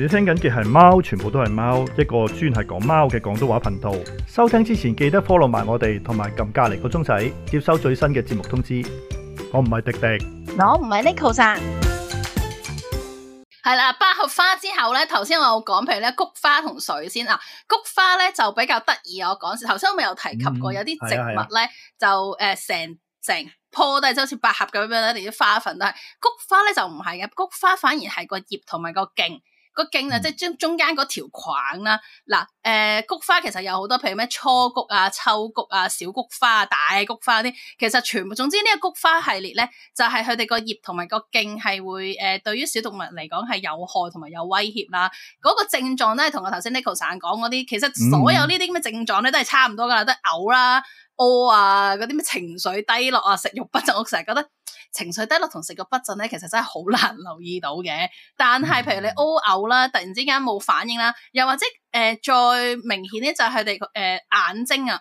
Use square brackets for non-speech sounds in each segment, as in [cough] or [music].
你聽緊嘅係貓，全部都係貓一個專係講貓嘅廣東話頻道。收聽之前記得 follow 埋我哋，同埋撳隔籬個鐘仔，接收最新嘅節目通知。我唔係迪迪，我唔係 Nicholas 係啦，百 [noise] 合、啊、花之後咧，頭先我講譬如咧，菊花同水仙啊，菊花咧就比較得意。我講頭先我未有提及過，嗯啊、有啲植物咧就誒成成棵都係，即係好似百合咁樣咧，啲花粉都係。菊花咧就唔係嘅，菊花反而係個葉同埋個莖。個莖啊，即係中中間嗰條框啦。嗱，誒、呃，菊花其實有好多，譬如咩初菊啊、秋菊啊、小菊花啊、大菊花嗰啲，其實全部，總之呢個菊花系列咧，就係佢哋個葉同埋個莖係會誒、呃，對於小動物嚟講係有害同埋有威脅啦。嗰、那個症狀咧，同我頭 Nico 先 Neko 成日講嗰啲，其實所有呢啲咁嘅症狀咧，嗯嗯都係差唔多噶啦，都係嘔啦、屙啊，嗰啲咩情緒低落啊、食慾不振，我成日覺得。情緒低落同食個不振咧，其實真係好難留意到嘅。但係譬如你屙嘔啦，突然之間冇反應啦，又或者誒、呃，再明顯咧就係佢哋誒眼睛啊。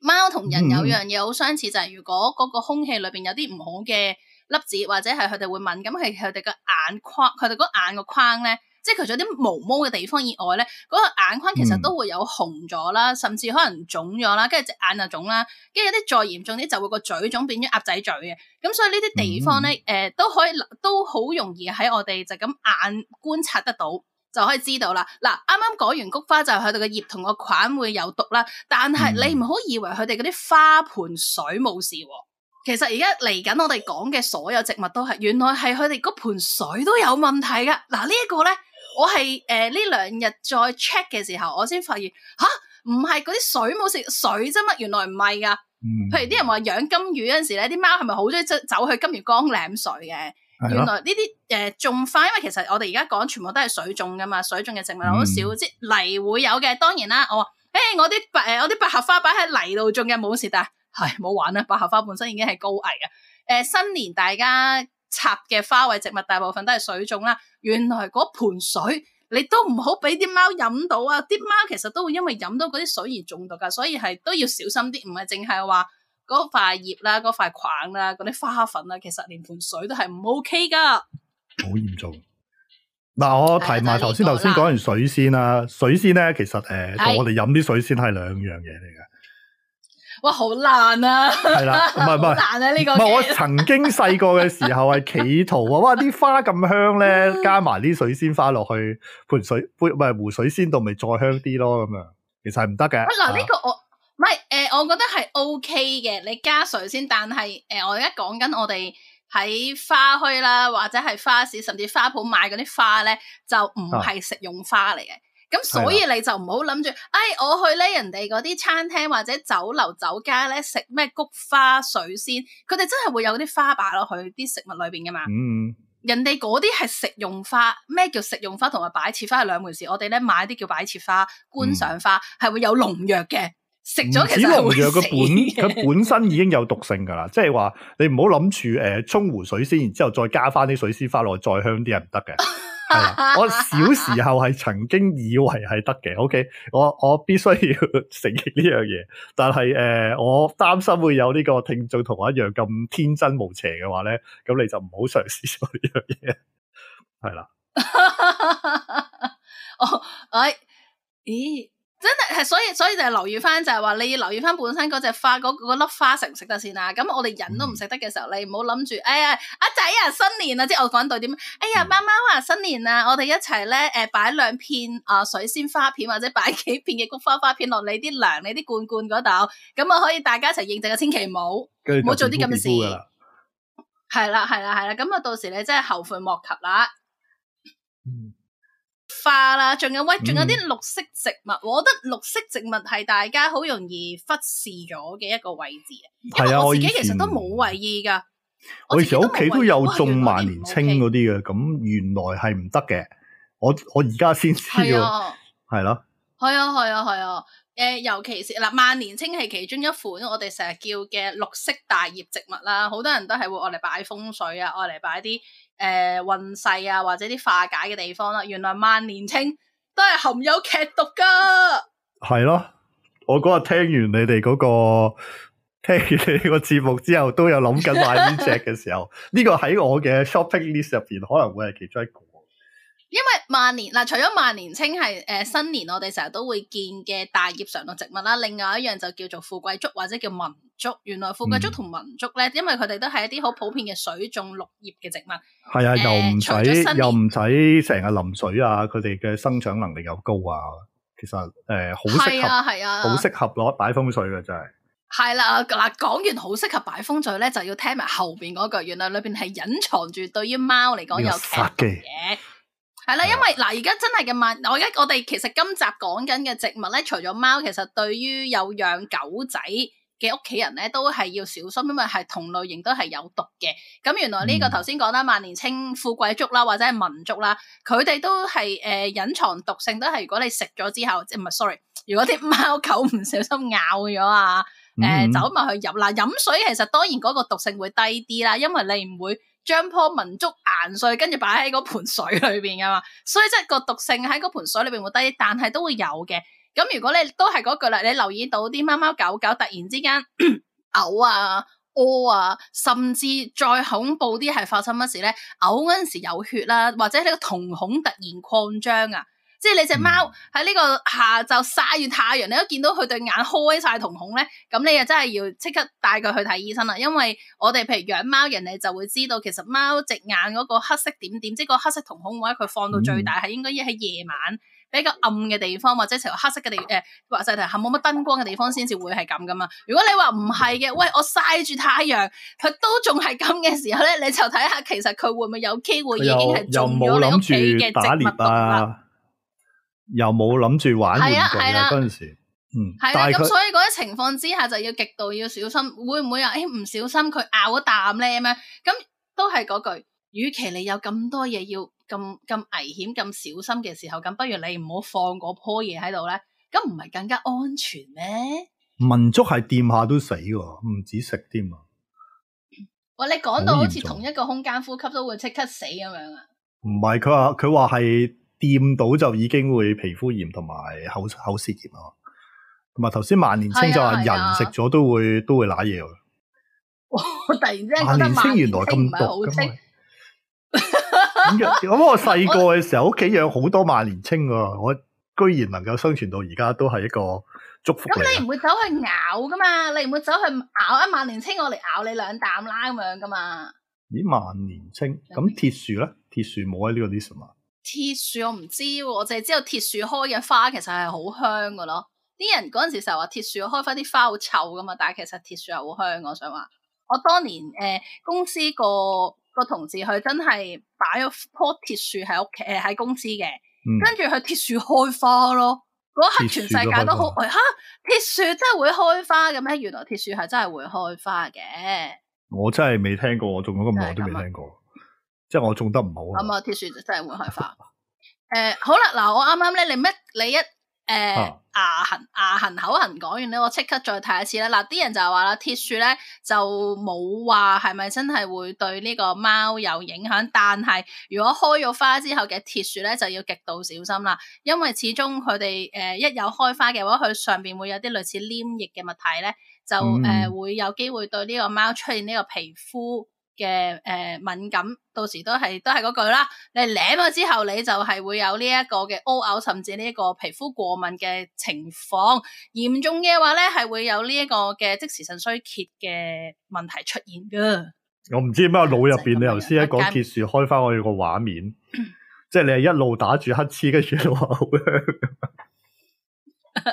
貓同人有樣嘢好相似，嗯、就係如果嗰個空氣裏邊有啲唔好嘅粒子，或者係佢哋會敏感，係佢哋個眼框，佢哋嗰個眼個框咧。即係除咗啲毛毛嘅地方以外咧，嗰、那個眼眶其實都會有紅咗啦，嗯、甚至可能腫咗啦，跟住隻眼就腫啦，跟住有啲再嚴重啲就會個嘴腫變咗鴨仔嘴嘅。咁所以呢啲地方咧，誒、嗯欸、都可以都好容易喺我哋就咁眼觀察得到，就可以知道啦。嗱，啱啱講完菊花就係佢哋嘅葉同個瓣會有毒啦，但係你唔好以為佢哋嗰啲花盆水冇事喎。其實而家嚟緊我哋講嘅所有植物都係，原來係佢哋嗰盆水都有問題㗎。嗱、這個、呢一個咧。我係誒呢兩日再 check 嘅時候，我先發現吓唔係嗰啲水冇食水啫乜，原來唔係噶。嗯、譬如啲人話養金魚嗰陣時咧，啲貓係咪好中意走去金魚缸舐水嘅？的原來呢啲誒種花，因為其實我哋而家講全部都係水種噶嘛，水種嘅植物好少，即係、嗯、泥會有嘅。當然啦，我話誒、欸、我啲、呃、白誒我啲百合花擺喺泥度種嘅冇事，但係係唔好玩啦，百合花本身已經係高危啊。誒、呃、新年大家。插嘅花卉植物大部分都係水種啦，原來嗰盆水你都唔好俾啲貓飲到啊！啲貓其實都會因為飲到嗰啲水而中毒噶，所以係都要小心啲，唔係淨係話嗰塊葉啦、嗰塊框啦、嗰啲花粉啊，其實連盆水都係唔 OK 噶，好嚴重。嗱，我提埋頭先頭先講完水仙啦、啊，水仙咧其實誒同、呃、是我哋飲啲水仙係兩樣嘢嚟嘅。哇，好爛啊！係 [laughs] 啦，唔係唔係，好爛啊呢個！唔係我曾經細個嘅時候係企圖話， [laughs] 哇啲花咁香咧，加埋啲水仙花落去盆水杯，唔係湖水仙度，咪再香啲咯咁樣。其實係唔得嘅。嗱、啊，呢的個我唔係誒，我覺得係 OK 嘅。你加水仙，但係誒、呃，我而家講緊我哋喺花墟啦，或者係花市，甚至花圃買嗰啲花咧，就唔係食用花嚟嘅。啊 [laughs] 咁所以你就唔好諗住，的哎，我去咧人哋嗰啲餐廳或者酒樓酒家咧食咩菊花水仙，佢哋真係會有啲花擺落去啲食物裏邊噶嘛？嗯，人哋嗰啲係食用花，咩叫食用花同埋擺設花係兩回事。我哋咧買啲叫擺設花、觀賞花，係、嗯、會有農藥嘅。食咗其實唔止農藥嘅本，佢本身已經有毒性噶啦。即係話你唔好諗住，誒、呃，沖壺水仙，然之後再加翻啲水仙花落去再香啲係唔得嘅。 [laughs] 係啦，我小時候係曾經以為係得嘅。O、OK? K，我我必須要承認呢樣嘢，但係誒、呃，我擔心會有呢個聽眾同我一樣咁天真無邪嘅話咧，咁你就唔好嘗試做呢樣嘢。係啦， [laughs] 哦，哎，咦。真係係，所以所以就係留意翻，就係、是、話你要留意翻本身嗰隻花，嗰粒、那個、花食唔食得先啦。咁我哋人都唔食得嘅時候，你唔好諗住，哎呀，阿、啊、仔啊，新年啊，即係我講到點，哎呀，媽媽話新年啊，我哋一齊咧，誒、呃，擺兩片啊水仙花片或者擺幾片嘅菊花花片落你啲糧、你啲罐罐嗰度，咁啊可以大家一齊應徵個千祈唔好，唔好做啲咁嘅事。係啦係啦係啦，咁啊，啊，啊，啊，啊到時你真係後悔莫及啦。嗯、啊。啊啦，仲有喂，仲有啲綠色植物，嗯，我覺得綠色植物係大家好容易忽視咗嘅一個位置啊。係啊，我自己其實都冇為意㗎。我以前屋企都，都有種萬年青嗰啲嘅，咁原來係唔得嘅，我我而家先知喎，係咯。係啊，係啊，係啊。誒、呃，尤其是嗱、啊，萬年青係其中一款，我哋成日叫嘅綠色大葉植物啦，好多人都係會愛嚟擺風水啊，愛嚟擺啲誒、呃、運勢啊，或者啲化解嘅地方啦、啊。原來萬年青都係含有劇毒㗎。係咯，我嗰日聽完你哋嗰、嗰個聽完你哋個節目之後，都有諗緊買呢隻嘅時候，呢 [laughs] 個喺我嘅 shopping list 入邊可能會係其中一個。因為萬年嗱，除咗萬年青係誒，新年我哋成日都會見嘅大葉常綠植物啦，另外一樣就叫做富貴竹或者叫文竹。原來富貴竹同文竹咧，因為佢哋都係一啲好普遍嘅水種綠葉嘅植物。係啊、嗯，呃、又唔使又唔使成日淋水啊，佢哋嘅生長能力又高啊。其實誒，好、呃、適合係啊，好適合攞擺風水嘅真係。係啦嗱，講完好適合擺風水咧、啊，就要聽埋後邊嗰句，原來裏邊係隱藏住對於貓嚟講有強嘅嘢。係啦，因為嗱，而家真係嘅萬，我而家我哋其實今集講緊嘅植物咧，除咗貓，其實對於有養狗仔嘅屋企人咧，都係要小心，因為係同類型都係有毒嘅。咁原來呢個頭先講啦，嗯、萬年青、富貴竹啦，或者係文竹啦，佢哋都係誒、呃、隱藏毒性，都係如果你食咗之後，即係唔係？sorry，如果啲貓狗唔小心咬咗啊，誒、呃嗯嗯、走埋去飲，嗱，飲水其實當然嗰個毒性會低啲啦，因為你唔會。將棵文竹研碎，跟住擺喺嗰盆水裏邊噶嘛，所以即係個毒性喺嗰盆水裏邊會低，但係都會有嘅。咁如果你都係嗰句啦，你留意到啲貓貓狗狗突然之間 [coughs] 嘔啊、屙啊，甚至再恐怖啲係發生乜事咧？嘔嗰陣時有血啦，啊，或者你個瞳孔突然擴張啊。即係你隻貓喺呢個下晝晒住太陽，你一見到佢對眼開晒瞳孔咧，咁你又真係要即刻帶佢去睇醫生啦。因為我哋譬如養貓人，你就會知道，其實貓隻眼嗰個黑色點點，即係個黑色瞳孔位，佢放到最大係應該喺夜晚比較暗嘅地方，或者成個黑色嘅地、誒、呃，或者係冇乜燈光嘅地方先至會係咁噶嘛。如果你話唔係嘅，喂，我晒住太陽，佢都仲係咁嘅時候咧，你就睇下其實佢會唔會有機會已經係中咗你屋企嘅植物啦。又冇諗住玩玩具啊，係啊！嗰陣、啊啊、時，嗯，係啊，咁所以嗰啲情況之下就要極度要小心，會唔會啊？誒、哎，唔小心佢咬咗啖咧？咁樣咁都係嗰句，與其你有咁多嘢要咁咁危險咁小心嘅時候，咁不如你唔好放嗰棵嘢喺度咧，咁唔係更加安全咩？文竹係掂下都死，唔止食添啊！喂， [laughs] 你講到好似同一個空間呼吸都會即刻死咁樣啊？唔係，佢話佢話係。掂到就已經會皮膚炎同埋口口舌炎咯，同埋頭先萬年青就話人食咗都會都會瀨嘢喎。我 [laughs] 突然之間覺得萬年青原來咁毒。咁 [laughs] 我細個嘅時候屋企養好多萬年青噶， [laughs] 我居然能夠生存到而家都係一個祝福。咁 [laughs] 你唔會走去咬噶嘛？你唔會走去咬一萬年青我嚟咬你兩啖啦咁樣噶嘛？咦，萬年青？咁鐵樹咧？鐵樹冇喺呢個 list 嘛？鐵樹我唔知，我淨係知道鐵樹開嘅花其實係好香噶咯。啲人嗰陣時成日話鐵樹開返啲花好臭噶嘛，但係其實鐵樹係好香。我想話，我當年誒、呃、公司個個同事佢真係擺咗棵鐵樹喺屋企喺公司嘅，跟住佢鐵樹開花咯。嗰刻全世界都好，吓鐵樹真係會開花嘅咩？原來鐵樹係真係會開花嘅。我真係未聽過，我做咗咁耐都未聽過。即係我種得唔好啊！係咪鐵樹真係會開花？誒， [laughs] uh, 好啦，嗱，我啱啱咧，你一你一誒牙痕牙痕口痕講完咧，我即刻再睇一次啦。嗱，啲人就係話啦，鐵樹咧就冇話係咪真係會對呢個貓有影響？但係如果開咗花之後嘅鐵樹咧，就要極度小心啦，因為始終佢哋誒一有開花嘅話，佢上邊會有啲類似黏液嘅物體咧，就誒、嗯、會有機會對呢個貓出現呢個皮膚。嘅誒、呃，敏感，到時都係都係嗰句啦。你舐咗之後，你就係會有呢一個嘅烏嘔，甚至呢個皮膚過敏嘅情況。嚴重嘅話咧，係會有呢一個嘅即時腎衰竭嘅問題出現噶。我唔知點解腦入邊，你頭先一講鐵樹，開翻我個畫面，即係你係一路打住乞嗤，跟住話好香。誒誒、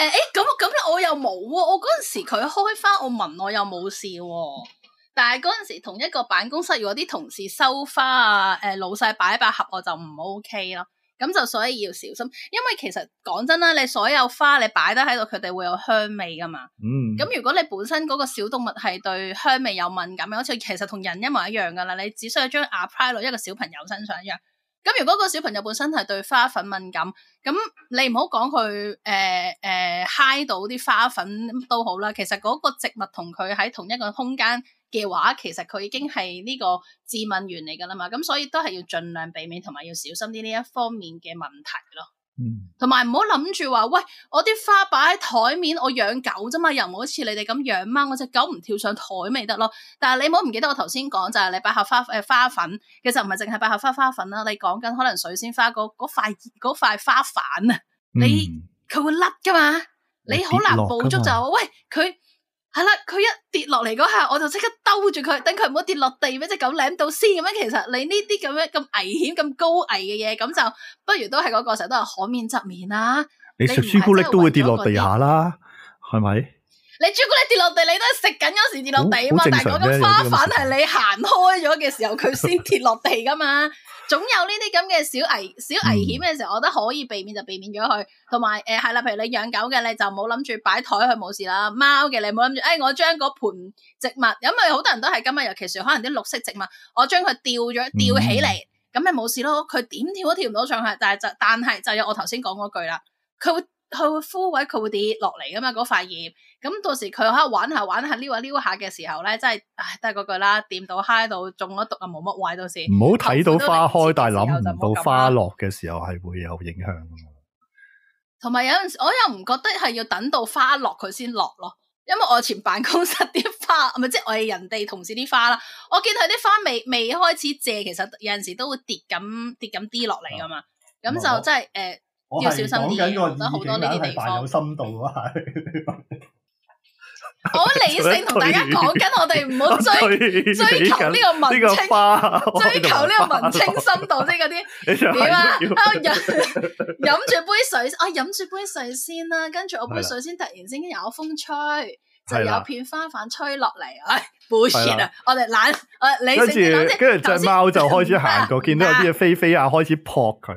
[laughs] 欸，咁咁我又冇、啊，我嗰陣時佢開翻我聞，我，問我又冇事、啊。但係嗰陣時同一個辦公室如果啲同事收花啊，誒、呃、老細擺一擺盒我就唔 OK 咯，咁就所以要小心，因為其實講真啦，你所有花你擺得喺度，佢哋會有香味噶嘛，咁、嗯、如果你本身嗰個小動物係對香味有敏感，好似其實同人一模一樣噶啦，你只需要將 apply 落一個小朋友身上一樣。咁如果個小朋友本身係對花粉敏感，咁你唔好講佢誒誒揩到啲花粉都好啦。其實嗰個植物同佢喺同一個空間嘅話，其實佢已經係呢個致敏源嚟噶啦嘛。咁所以都係要盡量避免，同埋要小心啲呢一方面嘅問題咯。同埋唔好諗住話，喂，我啲花擺喺台面，我養狗啫嘛，又唔好似你哋咁養貓，我隻狗唔跳上台咪得咯。但係你唔好唔記得我頭先講就係你百合花誒、呃、花粉，其實唔係淨係百合花花粉啦，你講緊可能水仙花嗰嗰塊塊花瓣啊，嗯、你佢會甩噶嘛，你好難捕捉就喂佢。係啦，佢一跌落嚟嗰下，我就即刻兜住佢，等佢唔好跌落地俾隻狗舐到先咁樣。其實你呢啲咁樣咁危險、咁高危嘅嘢，咁就不如都係嗰、個時候都係可免則免啦。你食朱古力都會跌落地下、啊、啦，係咪？你朱古力跌落地，你都係食緊嗰時跌落地啊嘛。但係嗰個花瓣係你行開咗嘅時候，佢先跌落地噶嘛。 [laughs] 總有呢啲咁嘅小危小危險嘅時候，我覺得可以避免就避免咗佢。同埋誒係啦，譬如你養狗嘅，你就冇諗住擺台去，冇事啦。貓嘅你冇諗住，誒、哎、我將嗰盆植物，因為好多人都係咁啊，尤其是可能啲綠色植物，我將佢吊咗吊起嚟，咁咪冇事咯。佢點跳都跳唔到上去，但係就但係就有我頭先講嗰句啦，佢會。佢會枯萎，佢會跌落嚟噶嘛。嗰塊葉，咁到時佢喺度玩下玩下，撩下撩下嘅時候咧，真係，唉，都係嗰句啦，掂到嗨到中咗毒啊，冇乜壞到時。唔好睇到花開，但係諗唔到花落嘅時候係會有影響噶嘛。同埋有陣時，我又唔覺得係要等到花落佢先落咯，因為我前辦公室啲花，咪即係我哋人哋同事啲花啦，我見佢啲花未未開始謝，其實有陣時都會跌咁跌咁啲落嚟噶嘛，咁、啊嗯、就真係誒。呃要小心啲，好多呢啲地方。有深度啊！係，我理性同大家講緊，我哋唔好追追求呢個文青追求呢個文青深度即係嗰啲點啊！飲住杯水啊，飲住杯水先啦。跟住我杯水先，突然之間有風吹，就有片花瓣吹落嚟。唉，抱歉啊，我哋懶，我理性。跟住，跟住隻貓就開始行過，見到有啲嘢飛飛啊，開始撲佢。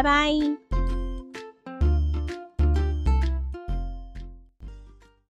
拜拜。